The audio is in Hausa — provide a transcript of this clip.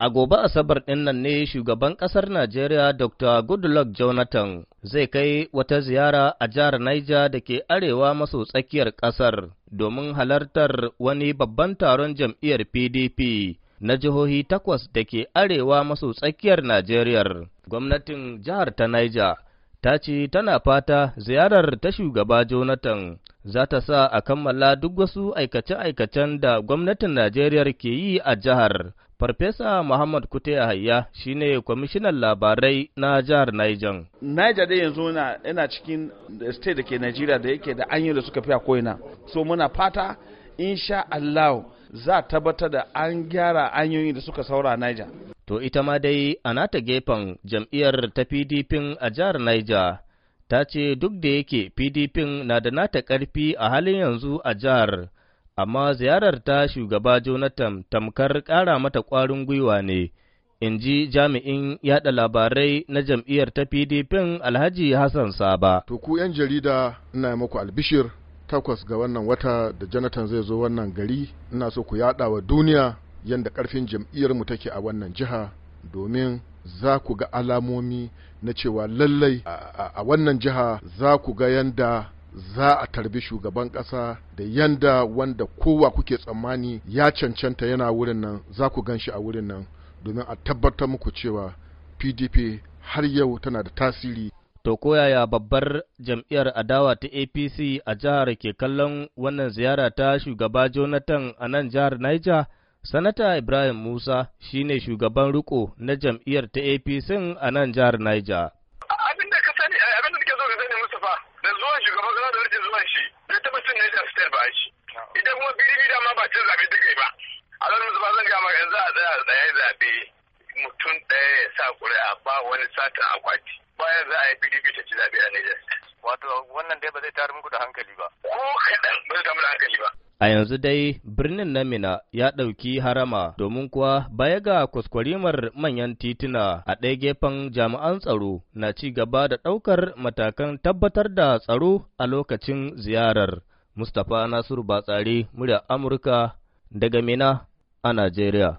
A gobe Asabar ɗin nan ne shugaban ƙasar Najeriya Dr. Goodluck Jonathan zai kai wata ziyara a jihar Niger da ke arewa maso tsakiyar ƙasar domin halartar wani babban taron jam'iyyar PDP na jihohi takwas da ke arewa maso tsakiyar Najeriya. Gwamnatin jihar ta Niger ta ce tana fata ziyarar ta shugaba Jonathan za ta sa a kammala duk wasu aikace-aikacen da gwamnatin Najeriya ke yi a jihar Farfesa Muhammad Kute shi ne kwamishinan labarai na jihar Niger. Niger dai yanzu yana cikin state da ke Najeriya da yake da anyo da suka fi a koina. So muna fata in sha Allah za tabbatar da an gyara anyoyin da suka saura Niger. To ita ma dai a nata gefen jam'iyyar ta PDP a jihar Niger ta ce duk da yake PDP na da nata ƙarfi a halin yanzu a jihar. amma ziyarar ta shugaba Jonathan tamkar ƙara mata ƙwarin gwiwa ne, in ji jami'in yaɗa labarai na jam'iyyar ta PDP Alhaji Hassan Saba. To ku 'yan jarida ina maku albishir takwas ga wannan wata da Jonathan zai zo wannan gari, ina so ku yaɗa wa duniya yadda ƙarfin jam'iyyar mu take a wannan jiha domin za ku ga alamomi na cewa lallai a wannan jiha za ku ga yadda za a tarbi shugaban ƙasa da yanda wanda kowa kuke tsammani ya cancanta yana wurin nan za ku gan shi a wurin nan domin a tabbatar muku cewa pdp har yau tana da tasiri To koyaya babbar jam'iyyar adawa ta APC a jihar ke kallon wannan ziyara ta shugaba Jonathan a nan jihar Niger? Sanata Ibrahim Musa shine shugaban riko na jam'iyyar ta APC a nan jihar Niger. shugaban kasa da rikin zuwa shi bai taɓa cin Niger fitar ba shi. Idan kuma biri amma ba cin zaɓe duk ba. A su ba zan gama yanzu a tsaya tsaye zaɓe mutum ɗaya ya sa ƙuri'a ba wani satin akwati. Bayan za a yi PDP ta ci zaɓe a Niger Wato wannan dai ba zai tarin muku da hankali ba. Ko kaɗan ba zai tayar da hankali ba. A yanzu dai birnin na Mina ya ɗauki harama domin kuwa baya ga kwaskwarimar manyan tituna a ɗaya gefen jami'an tsaro na ci gaba da ɗaukar matakan tabbatar da tsaro a lokacin ziyarar. Mustapha Nasiru Batsari, murya Amurka daga Mina a Najeriya.